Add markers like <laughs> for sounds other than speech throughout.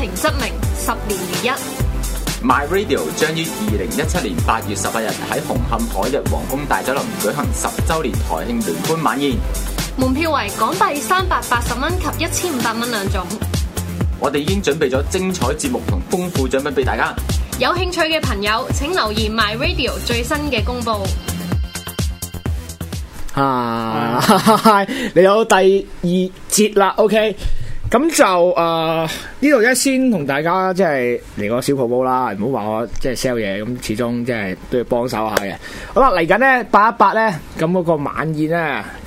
憑執明十年如一，My Radio 將於二零一七年八月十八日喺紅磡海逸皇宮大酒樓舉行十周年台慶聯歡晚宴，門票為港幣三百八十蚊及一千五百蚊兩種。我哋已經準備咗精彩節目同豐富獎品俾大家。有興趣嘅朋友，請留意 My Radio 最新嘅公布。啊，你有第二節啦，OK。咁就誒呢度一先同大家即係嚟個小瀑布啦，唔好話我即係 sell 嘢，咁始終即係都要幫手下嘅。好啦，嚟緊咧八一八咧，咁嗰個晚宴咧，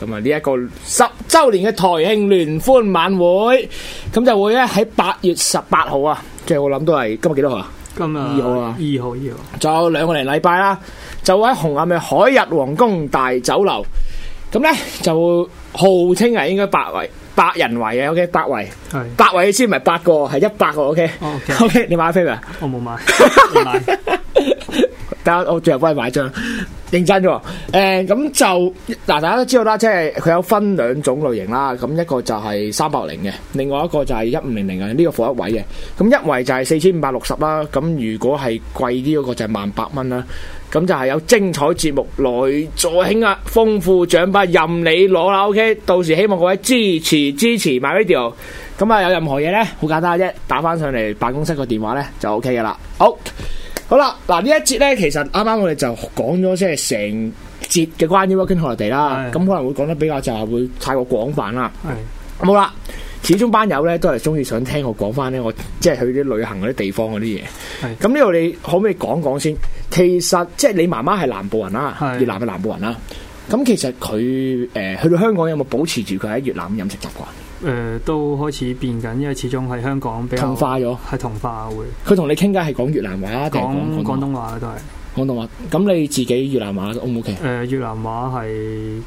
咁啊呢一個十週年嘅台慶聯歡晚會，咁就會咧喺八月十八號啊，即係我諗都係今日幾多號啊？今日二號啊！二號，二號，就有兩個零禮拜啦，就喺紅磡嘅海逸皇宮大酒樓。咁咧就號稱係，應該百位百人圍嘅，OK，百位，百位先唔係八個，係一百個，OK，OK，okay? oh, okay. okay, 你買飛未啊？我冇買， <laughs> 冇買， <laughs> 等我，我最後幫你買張。認真喎，誒，咁就嗱，大家都知道啦，即係佢有分兩種類型啦，咁一個就係三百零嘅，另外一個就係一五零零嘅，呢個放一位嘅，咁一圍就係四千五百六十啦，咁如果係貴啲嗰個就係萬八蚊啦，咁就係有精彩節目來助興啊，豐富獎品任你攞啦，OK，到時希望各位支持支持 MyRadio，咁啊有任何嘢咧，好簡單啫，打翻上嚟辦公室個電話咧就 OK 噶啦，好。好啦，嗱，呢一節咧，其實啱啱我哋就講咗即係成節嘅關於 working holiday 啦，咁、 <music> 嗯、可能會講得比較就係會太過廣泛啦。係冇啦，始終班友咧都係中意想聽我講翻咧，我即係去啲旅行嗰啲地方嗰啲嘢。係，咁呢度你可唔可以講講先？其實即係你媽媽係南部人啦，啊， <music> 越南嘅南部人啦，啊。咁、嗯、其實佢誒、呃、去到香港有冇保持住佢喺越南嘅飲食習慣？誒都開始變緊，因為始終喺香港比較同化咗，係同化會。佢同你傾偈係講越南話，講廣東話都係廣東話。咁你自己越南話 O 唔 OK？誒越南話係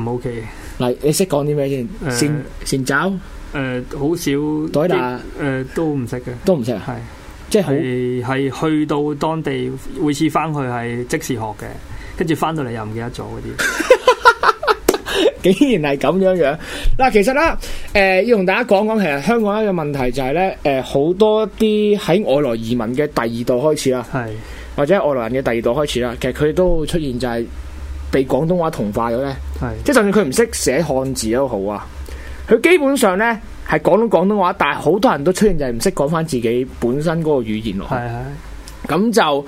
唔 OK。嗱你識講啲咩先？善善爪？誒好少，對打誒都唔識嘅，都唔識係，即係係去到當地，每次翻去係即時學嘅，跟住翻到嚟又唔記得咗嗰啲。竟然係咁樣樣。嗱，其實啦，誒、呃，要同大家講講，其實香港一個問題就係、是、咧，誒、呃，好多啲喺外來移民嘅第二代開始啦，係的或者外來人嘅第二代開始啦，其實佢都出現就係被廣東話同化咗咧。係的，即係就算佢唔識寫漢字都好啊，佢基本上咧係講到廣東話，但係好多人都出現就係唔識講翻自己本身嗰個語言咯。係係的，咁就。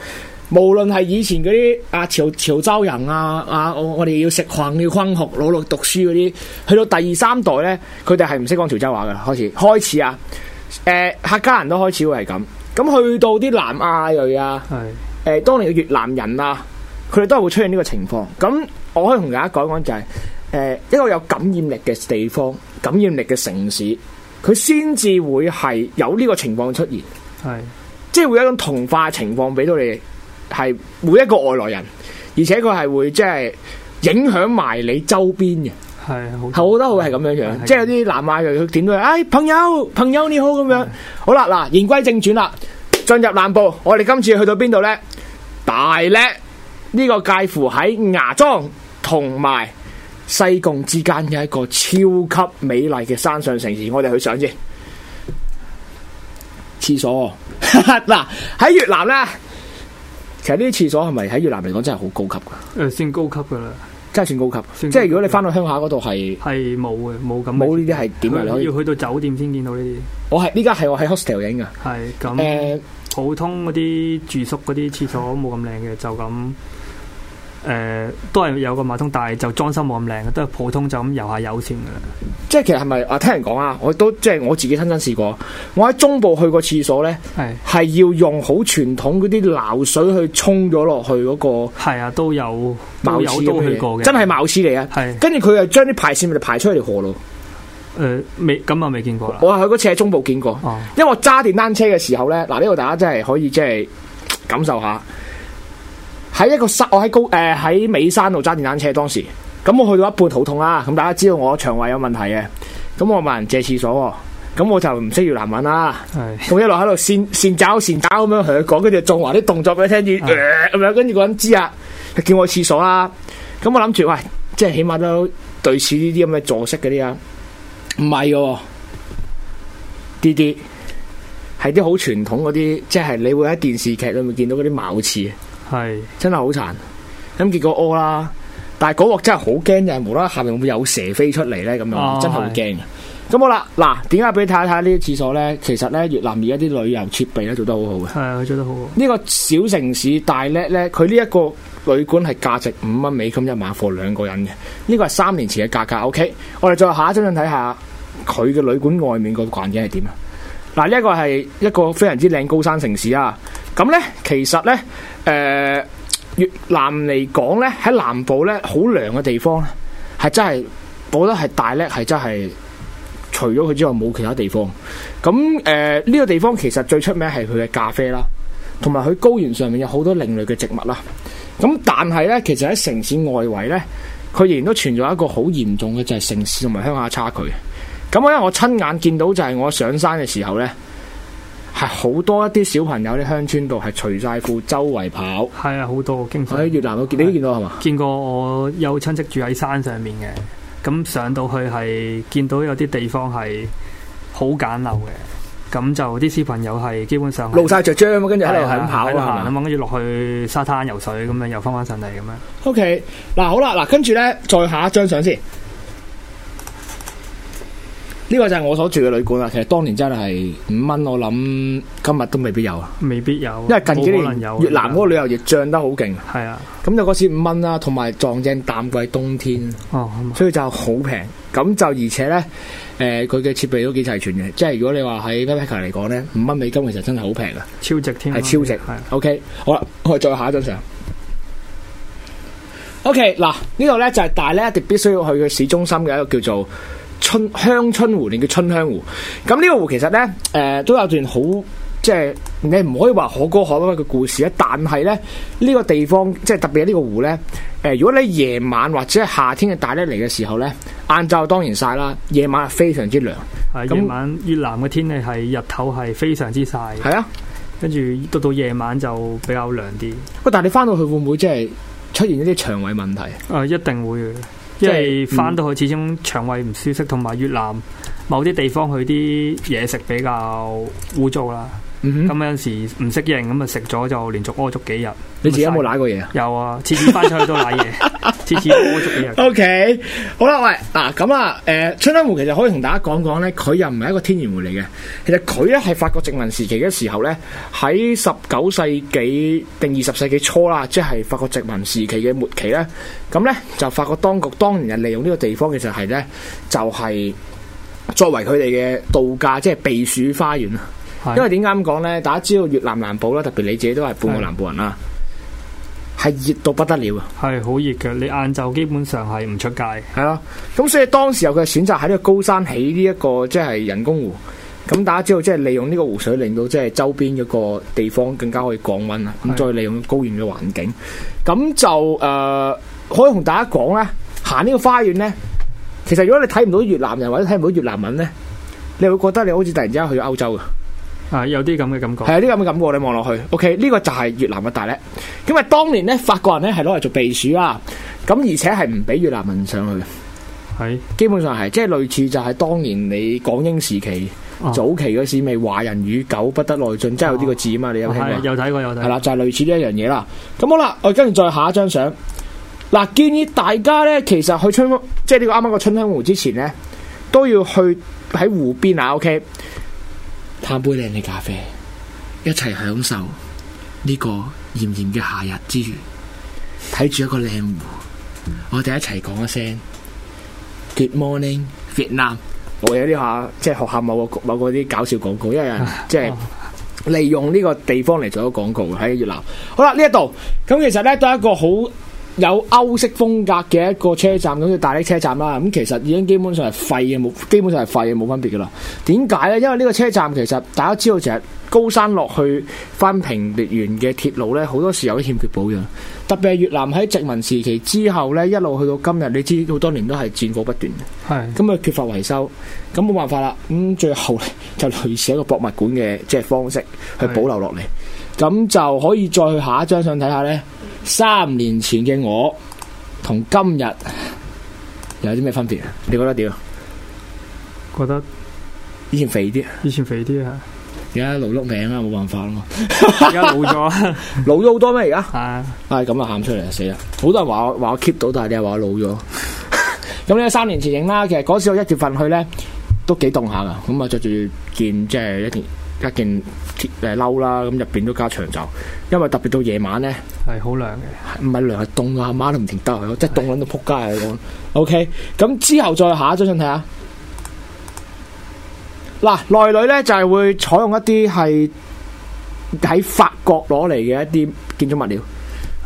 無論係以前嗰啲啊潮潮州人啊啊我我哋要食飯要昆學努力讀書嗰啲，去到第三代咧，佢哋係唔識講潮州話噶，開始開始啊，誒、呃、客家人都開始會係咁，咁去到啲南亞裔啊，係誒是、呃、當年嘅越南人啊，佢哋都係會出現呢個情況。咁我可以同大家講講就係、是，誒、呃、一個有感染力嘅地方、感染力嘅城市，佢先至會係有呢個情況出現，係是即係會有一種同化情況俾到你。係每一個外來人，而且佢係會即係、就是、影響埋你周邊嘅，係好，好得好係咁樣樣，即係有啲南亞人點都係、哎，朋友朋友你好咁樣，是的 好啦嗱，言歸正傳啦，進入南部，我哋今次去到邊度呢？大叻呢、呢個介乎喺芽莊同埋西貢之間嘅一個超級美麗嘅山上城市，我哋去上先，廁所，嗱喺 <laughs> 越南呢。 <laughs> 其實呢啲廁所係咪喺越南嚟講真係好高級噶？誒，算高級噶啦，真係算高級。即係如果你翻到鄉下嗰度係係冇嘅，冇咁冇呢啲係點樣？你要去到酒店先見到呢啲。我係呢家係我喺 hostel 影噶，係咁。誒，呃、普通嗰啲住宿嗰啲廁所冇咁靚嘅，就咁。誒、呃，都係有個馬桶，但係就裝修冇咁靚嘅，都係普通，就咁游下油先嘅啦。即係其實係咪啊？聽人講啊，我都即係我自己親身試過，我喺中部去過廁所咧，係係要用好傳統嗰啲撈水去沖咗落去嗰個。係啊，都有，都有貌有都去過嘅，真係貌似嚟啊。係，跟住佢又將啲排泄物排出去條河咯。誒、呃，未咁啊，未見過啦。我係喺嗰次喺中部見過，哦、因為我揸電單車嘅時候咧，嗱呢度大家真係可以即係感受下。喺一個山，我喺高誒喺尾山度揸電單車，當時咁我去到一半，肚痛啦。咁大家知道我腸胃有問題嘅，咁我問人借廁所，咁我就唔識越南文啦。咁一路喺度扇，扇爪，善找咁樣同佢講，跟住做啲動作俾佢聽住，咁樣跟住個人知啊，叫我去廁所啦。咁我諗住喂，即係起碼都對似呢啲咁嘅坐式嗰啲啊，唔係嘅，啲啲係啲好傳統嗰啲，即係你會喺電視劇裏面見到嗰啲茅廁。係 <music> 真係好殘，咁結果屙啦。但係嗰鑊真係好驚嘅，無啦啦下面會唔會有蛇飛出嚟呢？咁樣真係、哦、 <music> 好驚嘅。咁好啦，嗱，點解俾你睇下呢啲廁所呢？其實呢，越南而家啲旅遊設備呢做得好好嘅。係啊、哎，做得好好。呢個小城市大叻呢，佢呢一個旅館係價值五蚊美金一晚，課兩個人嘅。呢、這個係三年前嘅價格。O、okay? K，我哋再下一張張睇下佢嘅旅館外面個環境係點啊？嗱，呢一個係一個非常之靚高山城市啊！咁呢，其實呢，誒、呃、越南嚟講呢喺南部呢，好涼嘅地方咧，係真係我覺得係大叻係真係除咗佢之外冇其他地方。咁誒呢個地方其實最出名係佢嘅咖啡啦，同埋佢高原上面有好多另類嘅植物啦。咁但係呢，其實喺城市外圍呢，佢仍然都存在一個好嚴重嘅就係、是、城市同埋鄉下差距。咁因為我親眼見到就係我上山嘅時候呢。係好多一啲小朋友喺鄉村度，係除晒褲周圍跑。係啊，好多經常！喺越南，你見到係嘛？見過我有親戚住喺山上面嘅，咁上到去係見到有啲地方係好簡陋嘅，咁就啲小朋友係基本上露晒着張，跟住喺度係咁跑，行咁跟住落去沙灘游水，咁樣又翻翻上嚟咁樣。O K，嗱好啦，嗱跟住咧，再下一張相先。呢個就係我所住嘅旅館啦。其實當年真係五蚊，我諗今日都未必有啊。未必有，因為近幾年越南嗰個旅遊業漲得好勁。係啊的，咁就嗰次五蚊啦，同埋撞正淡季冬天。哦，嗯、所以就好平。咁就而且呢，誒、呃，佢嘅設備都幾齊全嘅。即係如果你話喺 Vancouver 嚟講呢，五蚊美金其實真係好平啊，超值添，係超值。O K，好啦，我哋再下一張相。O K，嗱，呢度呢就係大叻，一定必須要去嘅市中心嘅一個叫做。春香春湖，定叫春香湖。咁呢個湖其實呢，誒、呃、都有段好即係你唔可以話可歌可泣嘅故事咧。但係呢，呢、這個地方即係特別喺呢個湖呢，誒、呃，如果你夜晚或者係夏天嘅大叻嚟嘅時候呢，晏晝當然晒啦，夜晚係非常之涼。咁夜晚越那南嘅天氣係日頭係非常之曬。係啊，跟住到到夜晚就比較涼啲。喂，但係你翻到去會唔會即係出現一啲腸胃問題？啊、嗯，一定會。即係翻到去，始終腸胃唔舒適，同埋越南某啲地方去啲嘢食比較污糟啦。咁、嗯、有陣時唔適應，咁啊，食咗就連續屙足幾日。你自己有冇舐過嘢啊？有啊，次次翻出去都舐嘢， <laughs> 次次屙足幾日。O、okay, K，好啦，喂，嗱，咁啊，誒、呃，春香湖其實可以同大家講講咧，佢又唔係一個天然湖嚟嘅。其實佢咧係法國殖民時期嘅時候咧，喺十九世紀定二十世紀初啦，即係法國殖民時期嘅末期咧。咁咧就法國當局當年啊利用呢個地方，其實係咧就係、就是、作為佢哋嘅度假，即係避暑花園因為點解咁講呢？大家知道越南南部啦，特別你自己都係半個南部人啦，係熱到不得了啊！係好熱嘅，你晏晝基本上係唔出街係咯。咁所以當時候佢選擇喺呢個高山起呢一個即係、就是、人工湖。咁大家知道，即係利用呢個湖水，令到即係周邊嗰個地方更加可以降溫啦。咁的再利用高原嘅環境，咁就誒、呃、可以同大家講呢，行呢個花園呢，其實如果你睇唔到越南人或者睇唔到越南文呢，你會覺得你好似突然之間去咗歐洲嘅。係、啊、有啲咁嘅感覺，係啊啲咁嘅感覺，你望落去，OK 呢個就係越南嘅大叻，因為當年咧法國人咧係攞嚟做避暑啊，咁而且係唔俾越南人上去，係的基本上係即係類似就係當年你港英時期、啊、早期嗰時咪華人與狗不得內進，即係有呢個字啊嘛，你有睇、啊、過？有睇過，有睇係啦，就係、是、類似呢一樣嘢啦。咁、嗯、好啦，我跟住再下一張相。嗱，建議大家咧，其實去春即係呢個啱啱個春香湖之前咧，都要去喺湖邊啊，OK。嘆杯靚嘅咖啡，一齊享受呢個炎炎嘅夏日之餘，睇住一個靚湖，我哋一齊講一聲 Good morning Vietnam。我有啲下即係學校某個某個啲搞笑廣告，因為有人即係利用呢個地方嚟做一個廣告喺越南。好啦，呢一度咁其實咧都係一個好有歐式風格嘅一個車站，咁、就、叫、是、大叻車站啦。咁其實已經基本上係廢嘅，冇基本上係廢嘅，冇分別噶啦。點解呢？因為呢個車站其實大家知道其實高山落去翻平列原嘅鐵路呢，好多時候都欠缺保養。特別係越南喺殖民時期之後呢，一路去到今日，你知好多年都係戰火不斷。係咁啊，缺乏維修，咁冇辦法啦。咁最後呢就類似一個博物館嘅即係方式去保留落嚟，咁是就可以再去下一張相睇下呢。三年前嘅我同今日有啲咩分別啊？你覺得點啊？覺得以前肥啲，以前肥啲啊！而家老碌命啦，冇辦法啦嘛！而家 <laughs> 老咗， <laughs> 老咗好多咩？而家係唉咁啊！喊出嚟啊！死啦！好多人話我話我 keep 到，但係你又話我老咗。咁咧，三年前影啦，其實嗰時我一月份去咧都幾凍下噶，咁啊着住件即係一件。一件鐵誒褸啦，咁入邊都加長袖，因為特別到夜晚咧，係好涼嘅，唔係涼係凍啊，阿媽都唔停得，即係凍到撲街嚟咁。O K，咁之後再下一張相睇下，嗱內裏咧就係會採用一啲係喺法國攞嚟嘅一啲建築物料，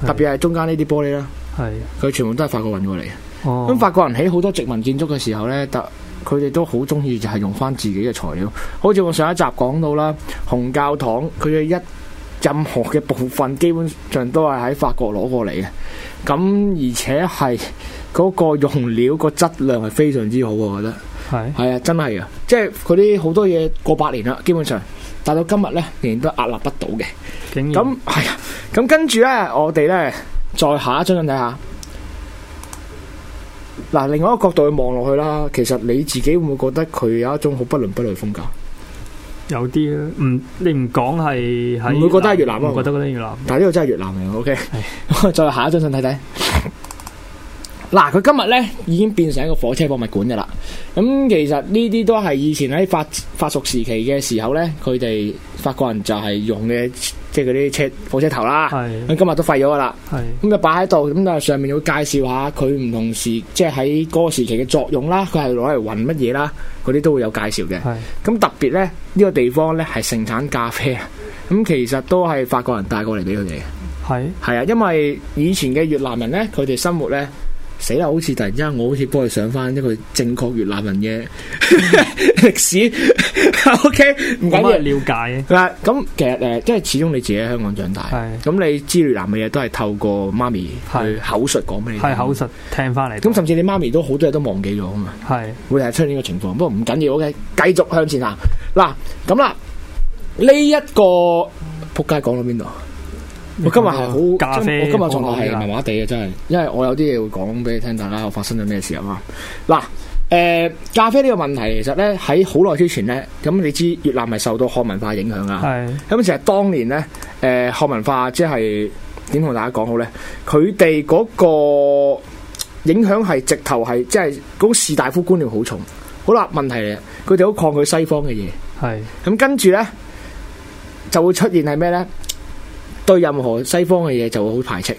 特別係中間呢啲玻璃啦，係佢全部都係法國運過嚟嘅。哦，咁法國人喺好多殖民建築嘅時候咧，特。佢哋都好中意，就係用翻自己嘅材料。好似我上一集講到啦，紅教堂佢嘅一任何嘅部分，基本上都係喺法國攞過嚟嘅。咁而且係嗰個用料個質量係非常之好，我覺得。係是。係啊，真係啊，即係嗰啲好多嘢過百年啦，基本上，但到今日呢，仍然都屹立不倒嘅。竟然。咁係啊，咁跟住呢，我哋呢，再下一張相睇下。嗱，另外一個角度去望落去啦，其實你自己會唔會覺得佢有一種好不倫不類嘅風格？有啲啦，唔你唔講係，唔會覺得係越南，我覺得嗰啲越南，但呢個真係越南嚟，OK，是 <laughs> 再下一張相睇睇。 <laughs> 嗱，佢今日咧已經變成一個火車博物館嘅啦。咁、嗯、其實呢啲都係以前喺法法屬時期嘅時候咧，佢哋法國人就係用嘅，即係嗰啲車火車頭啦。咁是的 今日都廢咗嘅啦。咁就擺喺度。咁但、嗯、上面會介紹下佢唔同時，即係喺嗰個時期嘅作用啦。佢係攞嚟運乜嘢啦？嗰啲都會有介紹嘅。咁是的、嗯、特別咧，呢、呢個地方咧係盛產咖啡啊。咁、嗯、其實都係法國人帶過嚟俾佢哋嘅。係係啊，因為以前嘅越南人咧，佢哋生活咧。死啦！好似突然之間，我好似幫佢上翻一個正確越南人嘅歷 <laughs> <laughs> 歷史。O K，唔緊要，了解嗱。咁 <laughs> 其實誒，即係始終你自己喺香港長大，係咁是你知越南嘅嘢都係透過媽咪去口述講俾你，係口述聽翻嚟。咁甚至你媽咪都好多嘢都忘記咗啊嘛，係會係出現呢個情況。不過唔緊要，O K，繼續向前行。嗱咁啦，呢一個仆街講到邊度？我今日係好，我今日狀況係麻麻地嘅，真係，因為我有啲嘢會講俾你聽，大家我發生咗咩事啊嘛。嗱，誒，咖啡呢個問題，其實咧喺好耐之前咧，咁你知越南係受到漢文化影響啊。係。咁其實當年咧，誒、呃，漢文化即係點同大家講好咧？佢哋嗰個影響係直頭係，即係嗰種士大夫觀念好重。好啦，問題係佢哋好抗拒西方嘅嘢。係。咁跟住咧，就會出現係咩咧？對任何西方嘅嘢就會好排斥，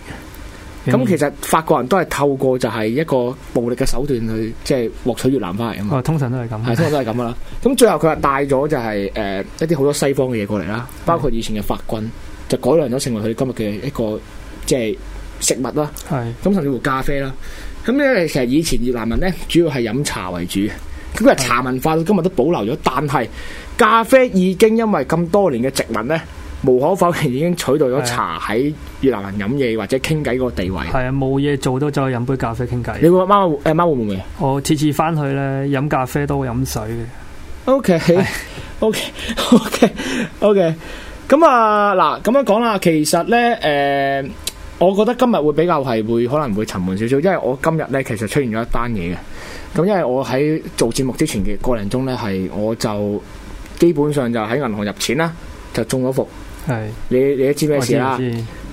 咁、嗯、其實法國人都係透過就係一個暴力嘅手段去即係獲取越南翻嚟啊嘛、哦，通常都係咁，係通常都係咁噶啦。咁 <laughs> 最後佢係帶咗就係、是、誒、呃、一啲好多西方嘅嘢過嚟啦，包括以前嘅法軍是就改良咗成為佢今日嘅一個即係食物啦，係咁是甚至乎咖啡啦。咁咧其實以前越南人咧主要係飲茶為主，咁啊茶文化到今日都保留咗，但係咖啡已經因為咁多年嘅殖民咧。無可否認，已經取代咗茶，喺越南人飲嘢，或者傾偈嗰個地位係啊，冇嘢做都再去飲杯咖啡傾偈。你媽媽媽媽會貓誒貓會唔會？我次次翻去咧飲咖啡都會飲水嘅。O K O K O K O K 咁啊嗱，咁樣講啦，其實咧誒、呃，我覺得今日會比較係會可能會沉悶少少，因為我今日咧其實出現咗一單嘢嘅。咁因為我喺做節目之前嘅過程中咧，係我就基本上就喺銀行入錢啦，就中咗伏。係 <music> 你你都知咩事啦？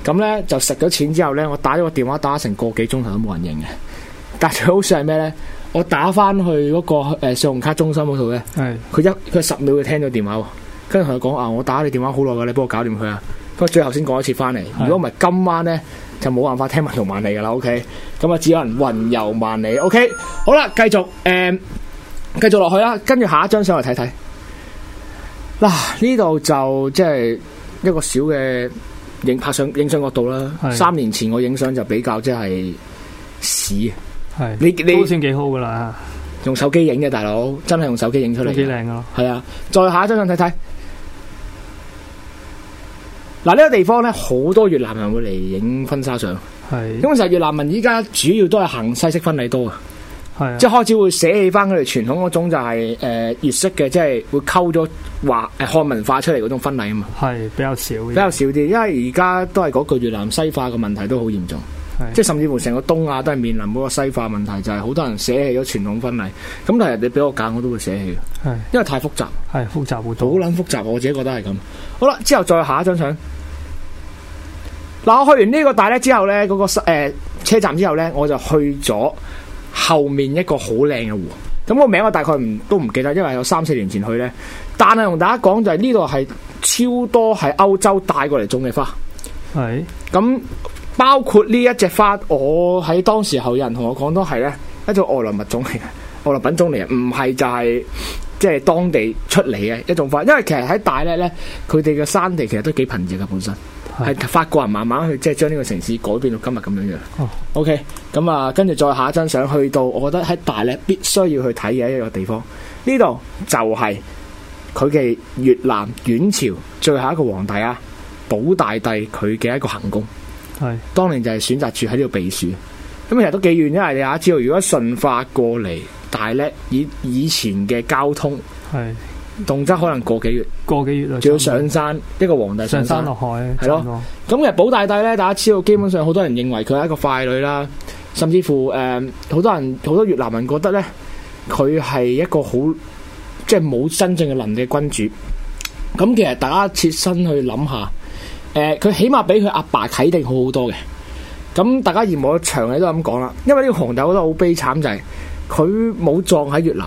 咁呢 whatnot，就食咗錢之後呢，我打咗個 <music> Loud, 電話打成個幾鐘頭都冇人應嘅。但係最好笑係咩呢？我打翻去嗰個誒信用卡中心嗰度呢，佢一佢十秒就聽到電話喎。跟住同佢講啊，我打你電話好耐噶，你幫我搞掂佢啊。不過最後先講一次翻嚟，如果唔係今晚呢，就冇辦法聽文圖萬里噶啦。OK，咁啊，只有人雲遊萬里。OK，好啦，繼續誒，繼續落去啦。跟住下一張上嚟睇睇。嗱，呢度就即係。roam 白 Robin fendimiz 一個小嘅影拍相影相角度啦，係，三年前我影相就比較即係屎。係，你你都算幾好噶啦，用手機影嘅大佬，真係用手機影出嚟。幾靚噶，係啊！再下一張相睇睇。嗱、啊、呢、呢個地方咧，好多越南人會嚟影婚紗相。係，咁其實越南人依家主要都係行西式婚禮多啊。係即係開始會捨棄翻佢哋傳統嗰種，就是，就係誒粵式嘅，即係會溝咗華誒漢文化出嚟嗰種婚禮啊嘛。係比較少，比較少啲，因為而家都係嗰個越南西化嘅問題都好嚴重，是的 即係甚至乎成個東亞都係面臨嗰個西化問題，就係，是，好多人捨棄咗傳統婚禮。咁但係你俾我揀，我都會捨棄嘅，係的因為太複雜，係複雜好捻複雜。我自己覺得係咁好啦。之後再下一張相嗱，我去完呢個大叻之後咧，嗰，那個誒、呃、車站之後咧，我就去咗。後面一個好靚嘅湖，咁個名我大概唔都唔記得，因為有三四年前去呢。但係同大家講就係呢度係超多係歐洲帶過嚟種嘅花。係，咁包括呢一隻花，我喺當時候有人同我講都係呢一種外來物種嚟，外來品種嚟啊，唔係就係即係當地出嚟嘅一種花。因為其實喺大叻咧，佢哋嘅山地其實都幾貧瘠嘅本身。係法國人慢慢去，即係將呢個城市改變到今日咁樣樣。哦，OK，咁啊，跟住再下一張相想去到，我覺得喺大叻必須要去睇嘅一個地方，呢度就係佢嘅越南阮朝最後一個皇帝啊，保大帝佢嘅一個行宮。係是 當年就係選擇住喺呢度避暑，咁其實都幾遠，因為你啊知道，如果順化過嚟大叻以以前嘅交通係。動則可能個幾月，個幾月啊！仲要上山，了一個皇帝上山落海，係咯吧。咁其實寶大帝呢，大家知道，基本上好多人認為佢係一個傀儡啦，甚至乎誒，呃、好多人好多越南人覺得呢，佢係一個好即係冇真正嘅能力嘅君主。咁其實大家切身去諗下，誒、呃，佢起碼比佢阿爸啟定好好多嘅。咁大家而我長氣都係咁講啦，因為呢個皇帝我覺得好悲慘，就係佢冇葬喺越南。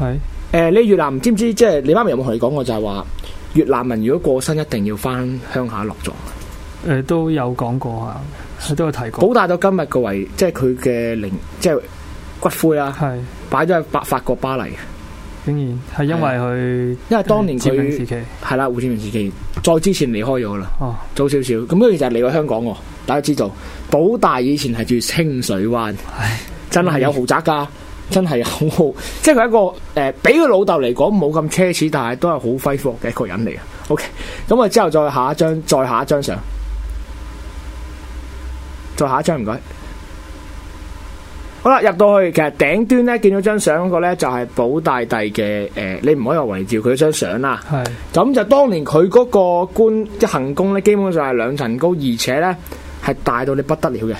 係。誒、呃，你越南知唔知？即係你媽咪有冇同你講過就，就係話越南人如果過身，一定要翻鄉下落葬。誒、呃，都有講過啊，都有提過。保大到今日嘅遺，即係佢嘅靈，即係骨灰啦，係擺咗喺法法國巴黎。竟然係因為佢，是因為當年佢係啦，胡志明時期再之前離開咗啦。哦、嗯，早少少。咁佢就嚟過香港，大家知道。保大以前係住清水灣，是是真係有豪宅噶。真係好，即係佢一個誒，俾佢老豆嚟講冇咁奢侈，但係都係好揮霍嘅一個人嚟嘅。OK，咁、嗯、啊之後再下一張，再下一張相，再下一張唔該。好啦，入到去其實頂端咧，見咗張相嗰個咧就係、是、保大帝嘅誒、呃，你唔可以話圍照佢一張相啦。係咁是就，就當年佢嗰個官即行宮咧，基本上係兩層高，而且咧係大到你不得了嘅。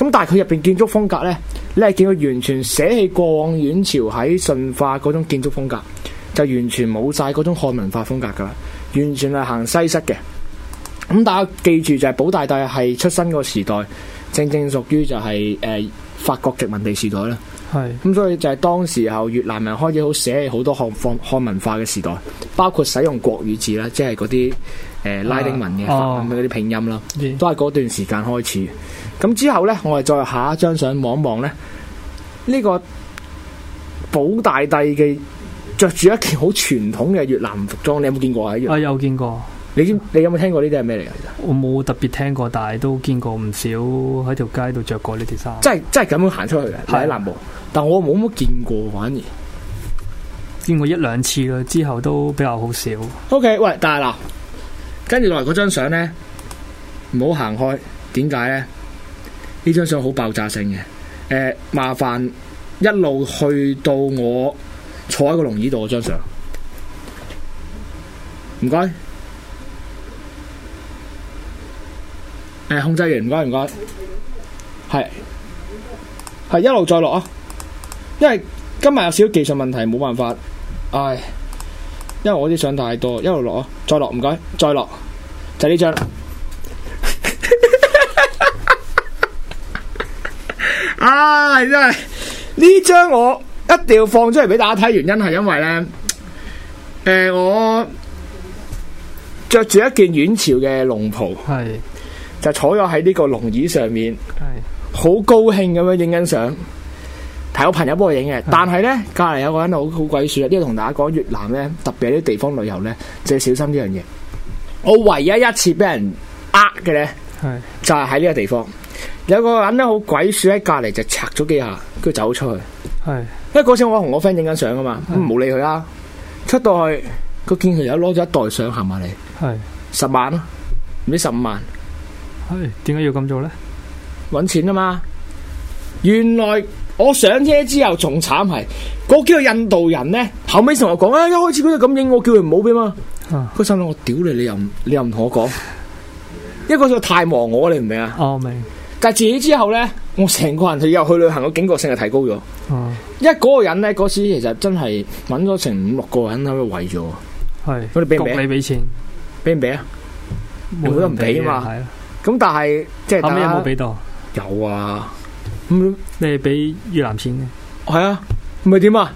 咁但係佢入邊建築風格呢，你係見佢完全捨棄過往阮朝喺順化嗰種建築風格，就完全冇晒嗰種漢文化風格噶啦，完全係行西式嘅。咁大家記住就係保大帝係出生個時代，正正屬於就係、是、誒、呃、法國殖民地時代啦。係，咁、嗯、所以就係當時候越南人開始好寫好多漢方漢文化嘅時代，包括使用國語字啦，即係嗰啲誒拉丁文嘅嗰啲拼音啦，啊哦、都係嗰段時間開始。咁之後呢，我哋再下一張相望一望呢，呢、這個保大帝嘅着住一件好傳統嘅越南服裝，你有冇見過啊？啊，有見過。你知，你有冇聽過呢啲係咩嚟噶？我冇特別聽過，但係都見過唔少喺條街度着過呢啲衫。即係即係咁樣行出去嘅，喺南部。但我冇乜見過，反而見過一兩次啦。之後都比較好少。OK，喂，但係嗱，跟住落嚟嗰張相呢，唔好行開。點解呢？呢張相好爆炸性嘅。誒、呃，麻煩一路去到我坐喺個龍椅度嗰張相，唔該。誒，控制員，唔該唔該，係，係一路再落啊！因為今日有少少技術問題，冇辦法，唉，因為我啲相太多，一路落啊，再落唔該，再落，就呢張，唉，真係呢張我一定要放出嚟俾大家睇，原因係因為咧，誒，我着住一件阮朝嘅龍袍。就坐咗喺呢個龍椅上面，係好高興咁樣影緊相。睇我朋友幫我影嘅，但係呢，隔籬有個人好好鬼鼠啊！呢度同大家講越南呢，特別係啲地方旅遊呢，就要小心呢樣嘢。我唯一一次俾人呃嘅呢，係是 就係喺呢個地方有個人呢，好鬼鼠喺隔籬就拆咗幾下，跟住走出去。係因為嗰次我同我 friend 影緊相啊嘛，冇理佢啦。出到去佢見佢有攞咗一袋相行埋嚟，係十萬咯，唔知十五萬。點解要咁做咧？搵錢啊嘛。原來我上車之後仲慘係嗰幾個印度人咧，後尾同我講啊，一開始佢都咁應我，叫佢唔好俾嘛。佢、啊、心諗我屌你，你又你又唔同我講，一個就太忙我，你唔明啊？哦，明。但係自此之後咧，我成個人係又去旅行個警覺性係提高咗。哦、啊。一嗰個人咧，嗰時其實真係搵咗成五六個人喺度圍咗，係。我哋俾唔俾？俾唔俾啊？冇得唔俾啊？係啊。給咁但係即係有冇俾到？有啊？咁你係俾越南錢嘅？係啊，咪點啊？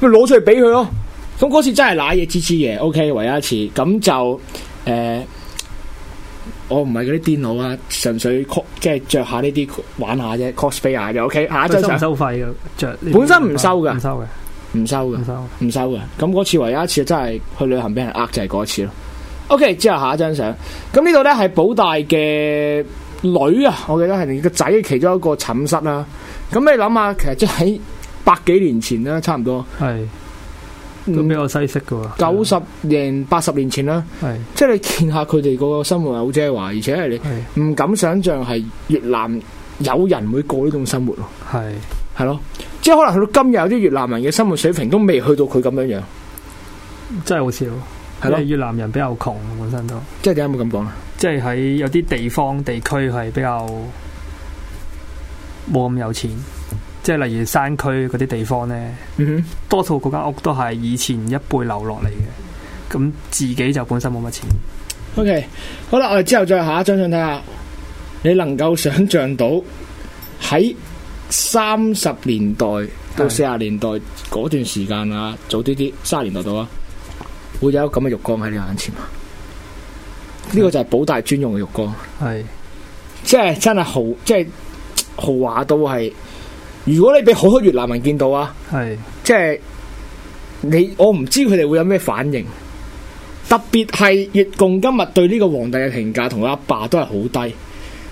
咪攞出嚟俾佢咯。咁嗰次真係賴嘢支支嘢。OK，唯一一次。咁就誒，我唔係嗰啲癲佬啊，純粹即係着下呢啲玩下啫，cosplay 下就 OK。下一周收唔收費嘅着？本身唔收噶，唔收嘅，唔收嘅，唔收嘅。咁嗰次唯一一次真係去旅行俾人呃就係嗰一次咯。O、okay, K，之後下一張相，咁呢度咧係保大嘅女啊，我記得係你個仔嘅其中一個寢室啦。咁你諗下，其實即係喺百幾年前啦，差唔多。係都比較西式嘅喎。九十年八十的年前啦，係的即係你見下佢哋嗰個生活係好奢華，而且係你唔敢想象係越南有人會過呢種生活咯。係係咯，即係可能去到今日，有啲越南人嘅生活水平都未去到佢咁樣樣，真係好少。係咯，越南人比較窮，本身都。即係點解冇咁講咧？即係喺有啲地方地區係比較冇咁有,有錢，即係例如山區嗰啲地方咧，嗯、哼多數嗰間屋都係以前一輩留落嚟嘅，咁自己就本身冇乜錢。O、okay, K，好啦，我哋之後再下一張相睇下，你能夠想象到喺三十年代到四十年代嗰段時間啊，的早啲啲三十年代到啊。會有咁嘅浴缸喺你眼前？呢是個就係保大專用嘅浴缸，係是即係真係豪，即係豪華都係。如果你俾好多越南人見到啊，係是即係你，我唔知佢哋會有咩反應。特別係越共今日對呢個皇帝嘅評價同佢阿爸都係好低。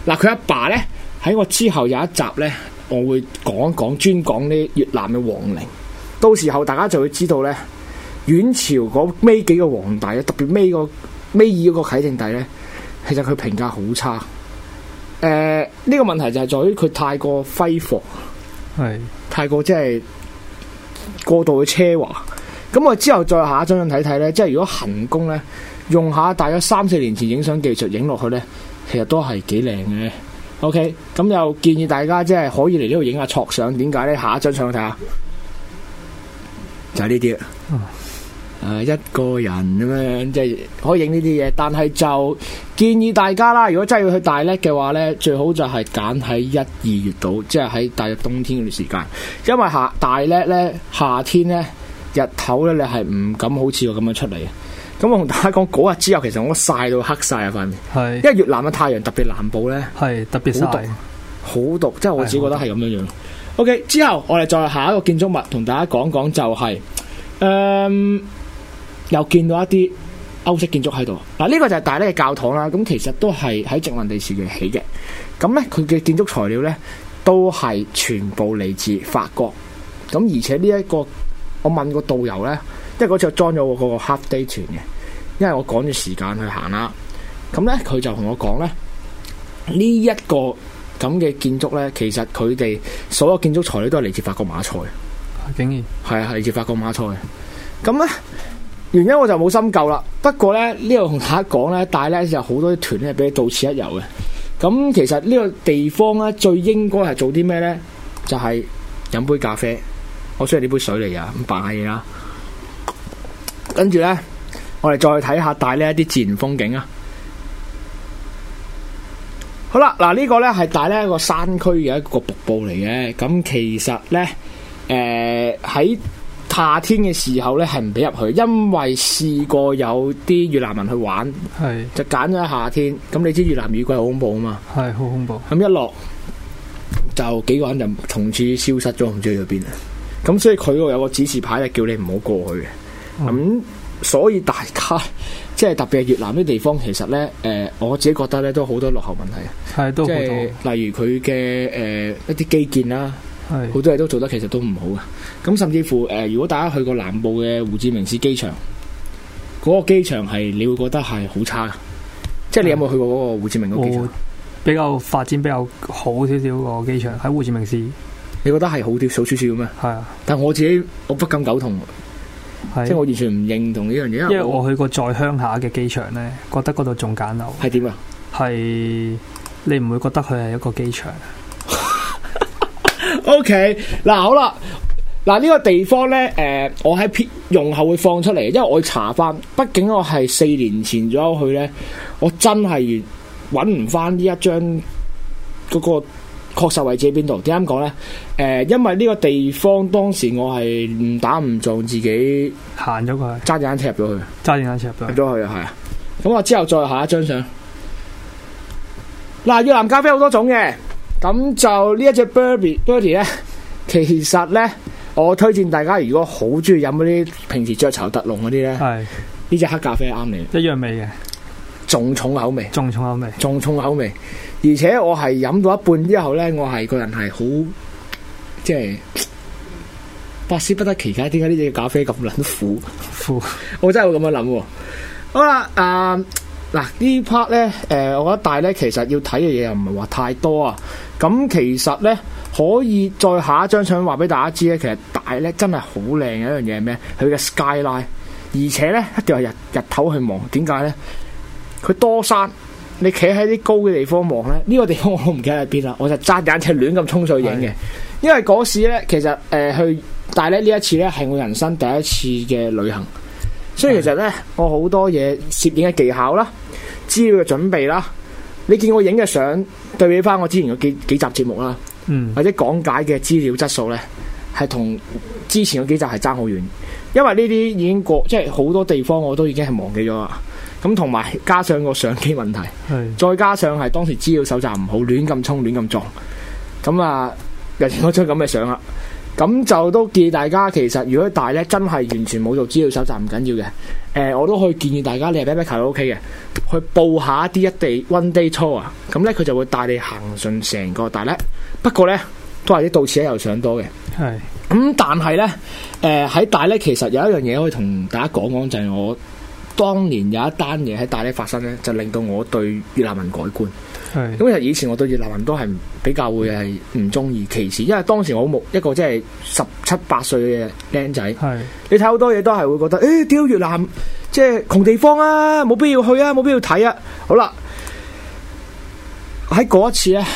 嗱，佢阿爸，爸呢，喺我之後有一集呢，我會講一講專講呢越南嘅皇陵，到時候大家就會知道呢。阮朝嗰尾幾個皇帝咧，特別尾個尾二個啟定帝呢，其實佢評價好差。誒、呃，呢、這個問題就係在於佢太過揮霍，係是太過即係過度嘅奢華。咁我之後再下一張相睇睇呢。即係如果行宮呢，用下，大約三四年前影相技術影落去呢，其實都係幾靚嘅。OK，咁又建議大家即係可以嚟呢度影下戳相。點解呢？下一張相睇下，就係呢啲。嗯誒、呃，一個人咁樣即係可以影呢啲嘢，但係就建議大家啦，如果真係要去大叻嘅話呢，最好就係揀喺一、二月度，即係喺大約冬天嗰段時間，因為夏大叻呢，夏天呢，日頭呢，你係唔敢好似我咁樣出嚟。咁我同大家講嗰日之後，其實我晒到黑晒啊塊面，是因為越南嘅太陽，特別南部呢，係特別好毒。好毒，即係我自己覺得係咁樣樣。OK，之後我哋再下一個建築物同大家講講，就是，就係嗯。又見到一啲歐式建築喺度，嗱、這、呢個就係大叻嘅教堂啦。咁其實都係喺殖民地時期起嘅。咁呢，佢嘅建築材料呢，都係全部嚟自法國。咁而且呢、這、一個，我問個導遊呢，因為嗰只裝咗個 half day 團嘅，因為我趕住時間去行啦。咁呢，佢就同我講呢，呢一個咁嘅建築呢，其實佢哋所有建築材料都係嚟自法國馬賽。竟然係啊，嚟自法國馬賽。咁呢。原因我就冇深究啦。不過呢，呢度同大家講呢，大叻呢就好、是、多啲團咧，俾你到此一遊嘅。咁、嗯、其實呢個地方呢，最應該係做啲咩呢？就係、是、飲杯咖啡。我需要呢杯水嚟啊，咁扮下嘢啦。跟住呢，我哋再睇下大叻呢，大叻呢一啲自然風景啊。好啦，嗱、嗯、呢、這個呢係大叻呢一個山區嘅一個瀑布嚟嘅。咁、嗯、其實呢，誒、呃、喺。夏天嘅時候呢，係唔俾入去，因為試過有啲越南人去玩，是就揀咗夏天。咁你知越南雨季好恐怖啊嘛，係好恐怖。咁一落就幾個人就從此消失咗，唔知去咗邊啦。咁所以佢有個指示牌咧，叫你唔好過去嘅。咁、嗯嗯、所以大家即係特別係越南啲地方，其實呢，誒、呃，我自己覺得呢，都好多落後問題，係都好多，例如佢嘅誒一啲基建啦。係好是多嘢都做得其實都唔好噶，咁甚至乎誒、呃，如果大家去過南部嘅胡志明市機場，嗰、嗰個機場係你會覺得係好差噶，即係你有冇去過嗰個胡志明嘅機場？比較發展比較好少少個機場喺胡志明市，你覺得係好少好少少咩？係啊，但我自己我不敢苟同，即係、啊、我完全唔認同呢樣嘢，因為我去過在鄉下嘅機場呢，覺得嗰度仲簡陋。係點啊？係你唔會覺得佢係一個機場？O K 嗱，好啦，嗱，呢、這個地方咧，誒、呃，我喺片用後會放出嚟，因為我查翻，畢竟我係四年前咗去咧，我真係揾唔翻呢一張嗰個確實位置喺邊度？點解咁講咧？誒、呃，因為呢個地方當時我係唔打唔撞，自己行咗過去，揸住眼車入咗去，揸住眼車入咗去，入咗去係啊。咁我之後再下一張相，嗱，越南咖啡好多種嘅。咁就一 Birdy，呢一隻 Birdy 咧，其實咧，我推薦大家如果好中意飲嗰啲平時雀巢特濃嗰啲咧，呢隻的黑咖啡啱你，一樣味嘅，重重口味，重重口味，重重口味，而且我係飲到一半之後咧，我係個人係好即係百思不得其解，點解呢隻咖啡咁撚苦？苦，我真係會咁樣諗、啊。好啦，啊、嗯。嗯嗱呢 part 咧，誒、呃、我覺得大叻，其實要睇嘅嘢又唔係話太多啊。咁其實咧，可以再下一張相話俾大家知咧。其實大叻真係好靚嘅一樣嘢係咩？佢嘅 skyline，而且咧一定要日日頭去望。點解咧？佢多山，你企喺啲高嘅地方望咧，呢、呢個地方我唔記得喺邊啦。我就揸眼鏡亂咁沖水影嘅，的因為嗰時咧其實誒去大叻呢一次咧係我人生第一次嘅旅行。所以其實呢，我好多嘢攝影嘅技巧啦，資料嘅準備啦，你見我影嘅相，對比翻，我之前嘅幾幾集節目啦，嗯、或者講解嘅資料質素呢，係同之前嘅幾集係差好遠，因為呢啲已經過，即係好多地方我都已經係忘記咗啦。咁同埋加上個相機問題，是 再加上係當時資料搜集唔好，亂咁沖，亂咁撞，咁啊，又影出咁嘅相啦。咁就都建議大家，其實如果大叻真係完全冇做資料搜集唔緊要嘅，誒我都可以建議大家你係咩咩球都 OK 嘅，去報下一啲一地 one day tour 啊，咁咧佢就會帶你行順成個大叻。不過咧都係啲到此一遊上多嘅。係。咁但係咧誒喺大叻其實有一樣嘢可以同大家講講就係我。當年有一單嘢喺大叻發生呢，就令到我對越南人改觀。咁其實以前我對越南人都係比較會係唔中意歧視，因為當時我冇一個即係十七八歲嘅僆仔，是的 你睇好多嘢都係會覺得誒，屌、欸、越南即係窮地方啊，冇必要去啊，冇必要睇啊，啊。好啦，喺嗰一次咧，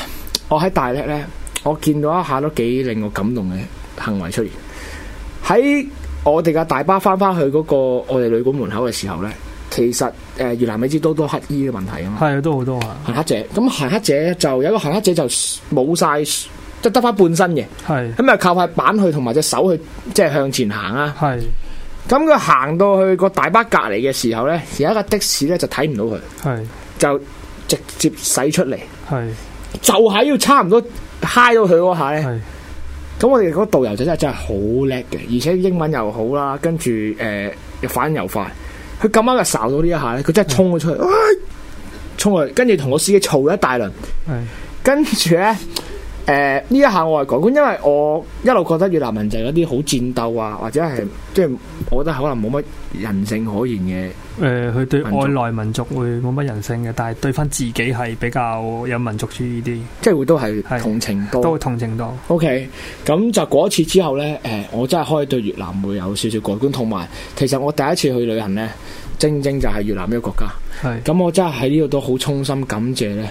我喺大叻呢，我見到一下都幾令我感動嘅行為出現喺。我哋架大巴翻翻去嗰個我哋旅館門口嘅時候咧，其實誒、呃、越南美知多多乞衣嘅問題啊嘛，係啊，都好多啊。行乞者，咁行乞者就有一個行乞者就冇晒是，即得翻半身嘅，係咁啊靠塊板去同埋隻手去即係向前行啊，係是。咁佢行到去個大巴隔籬嘅時候咧，而家架的士咧就睇唔到佢，係是就直接駛出嚟，係是就喺要差唔多揩到佢嗰下咧。是咁我哋嗰個導遊就真係真係好叻嘅，而且英文又好啦，跟住誒、呃、反應又快。佢咁啱就哨到呢一下咧，佢真係衝咗出去，啊、衝去，跟住同個司機嘈咗一大輪。跟住呢，誒、呃、呢一下我嚟講，咁因為我一路覺得越南人就係嗰啲好戰鬥啊，或者係即係我覺得可能冇乜人性可言嘅。誒，佢、呃、對外來民族會冇乜人性嘅，但係對翻自己係比較有民族主義啲，即係會都係同情多，都會同情多。OK，咁就嗰次之後呢，誒、呃，我真係開始對越南會有少少改觀。同埋，其實我第一次去旅行呢，正正就係越南呢個國家。係咁是，我真係喺呢度都好衷心感謝呢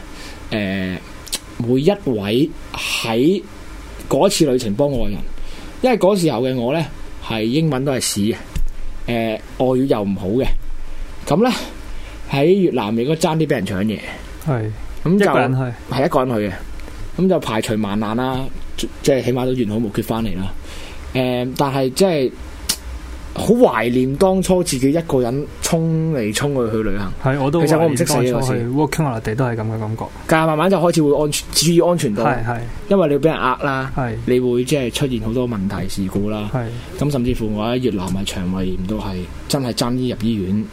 誒、呃，每一位喺嗰次旅程幫我嘅人，因為嗰時候嘅我呢，係英文都係屎嘅，誒、呃，外語又唔好嘅。咁咧喺越南如果爭啲俾人搶嘢，係咁就，人去，係一個人去嘅。咁就排除萬難啦，即係起碼都完好無缺翻嚟啦。誒，但係即係好懷念當初自己一個人衝嚟衝去去旅行。係，我都其實我唔識死嗰次。Working Holiday 都係咁嘅感覺，但係慢慢就開始會安注意安全度，係，係，因為你會俾人呃啦，係你會即係出現好多問題事故啦，係咁，甚至乎我喺越南咪腸胃炎都係真係爭啲入醫院。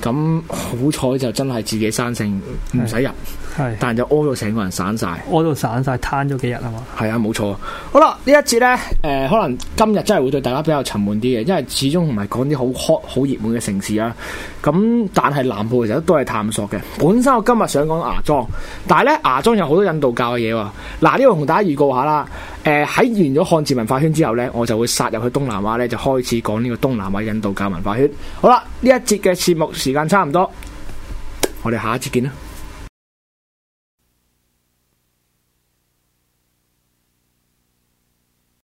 咁好彩就真係自己生性唔使的入。係，但就屙到成個人散晒，屙到散晒，攤咗幾日啊嘛。係啊，冇錯。好啦，呢一節呢，誒、呃，可能今日真係會對大家比較沉悶啲嘅，因為始終唔係講啲好 hot、好熱門嘅城市啦。咁、啊、但係南部其實都係探索嘅。本身我今日想講芽莊，但係呢芽莊有好多印度教嘅嘢。嗱、啊，呢度同大家預告下啦。誒、呃，喺完咗漢字文化圈之後呢，我就會殺入去東南亞呢，就開始講呢個東南亞印度教文化圈。好啦，呢一節嘅節目時間差唔多，我哋下一節見啦。